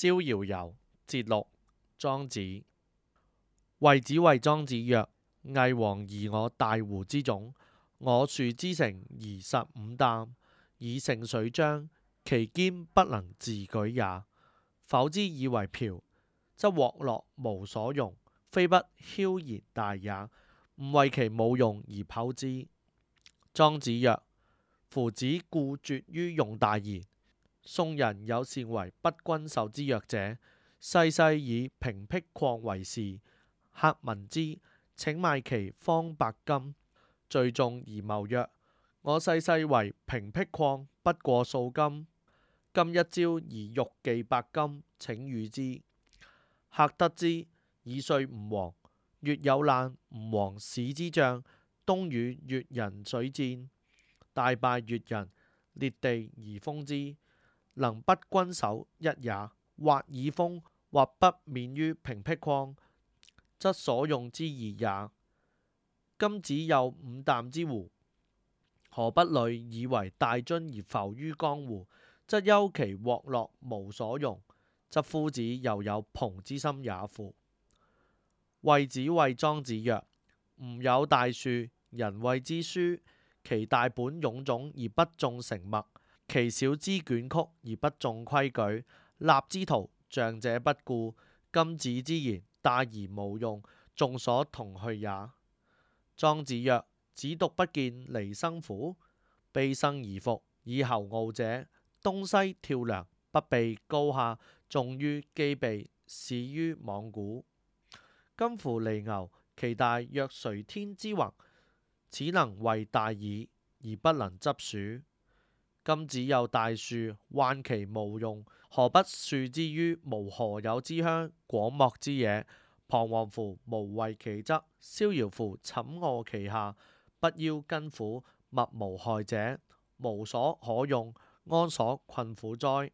逍遙遊節錄莊子。惠子謂莊子曰：“魏王貽我大瓠之種，我樹之成而實五擔，以盛水漿，其堅不能自舉也。否之以為瓢，則瓠落無所用，非不囂然大也。吾為其無用而剖之。莊”莊子曰：“夫子固拙於用大矣。”宋人有善為不龜手之藥者，世世以洴澼絖為事。客聞之，請買其方百金。聚族而謀曰：我世世為洴澼絖，不過數金，今一朝而鬻技百金，請與之。客得之，以說吳王。越有難，吳王使之將。冬，與越人水戰，大敗越人，裂地而封之。能不龜手一也，或以封，或不免於洴澼絖，則所用之異也。今子有五石之瓠，何不累以為大樽而浮於江湖，則憂其獲落無所容，則夫子又有蓬之心也夫？惠子謂莊子曰：吾有大樹，人謂之樗，其大本臃腫而不中繩墨。」其小之卷曲而不中規矩，立之徒匠者不顧，今子之言大而無用，眾所同去也。莊子曰：子獨不見狸狌乎，卑身而伏，以候敖者，東西跳梁，不避高下，中於機辟，死於罔罟。」今夫斄牛，其大若垂天之雲，此能為大矣，而不能執鼠。今子有大樹，患其無用，何不樹之於無何有之鄉，廣莫之野？彷徨乎無為其側，逍遙乎寢臥其下。不夭斤斧，物無害者。無所可用，安所困苦哉？